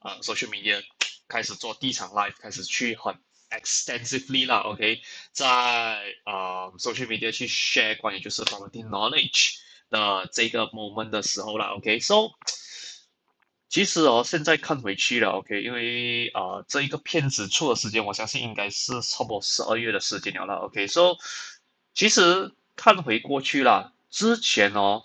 啊，social media 開始做地產 live，開始去很 extensively 啦，OK，在啊 social media 去 share 關於就是 property knowledge 的這個 moment 的時候啦，OK，so 其實哦，現在看回去了，OK，因為啊，這一個片子出的時間，我相信應該是差不多十二月的時間了啦，OK，so 其實看回過去啦，之前哦。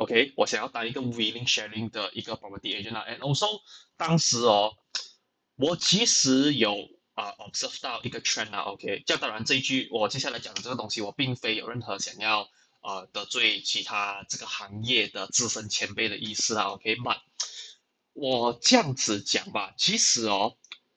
OK，我想要當一個 willing sharing 的一個 property agent、啊、and also 當時哦，我其實有啊 observe 到一個 trend 啊，OK，咁當然這一句我接下來講的這個東西，我並非有任何想要啊、呃、得罪其他這個行業的資深前輩的意思啊 OK 但，我這樣子講吧，其實哦。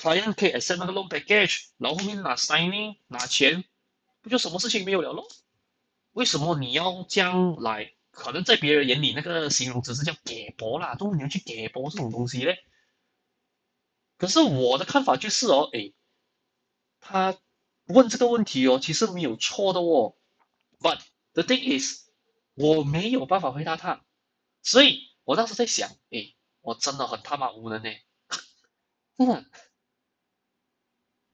client 可以 accept 嗰個 loan package，然後後面拿 signing 拿錢，不就什麼事情沒有了咯？為什麼你要將來可能在別人眼裏那個形容詞是叫割波啦，都你要去割波這種東西咧？可是我的看法就是哦，誒、哎，他問這個問題哦，其實沒有錯的哦。But the thing is，我沒有辦法回答他，所以我當時在想，誒、哎，我真的很他媽無能呢。真、嗯。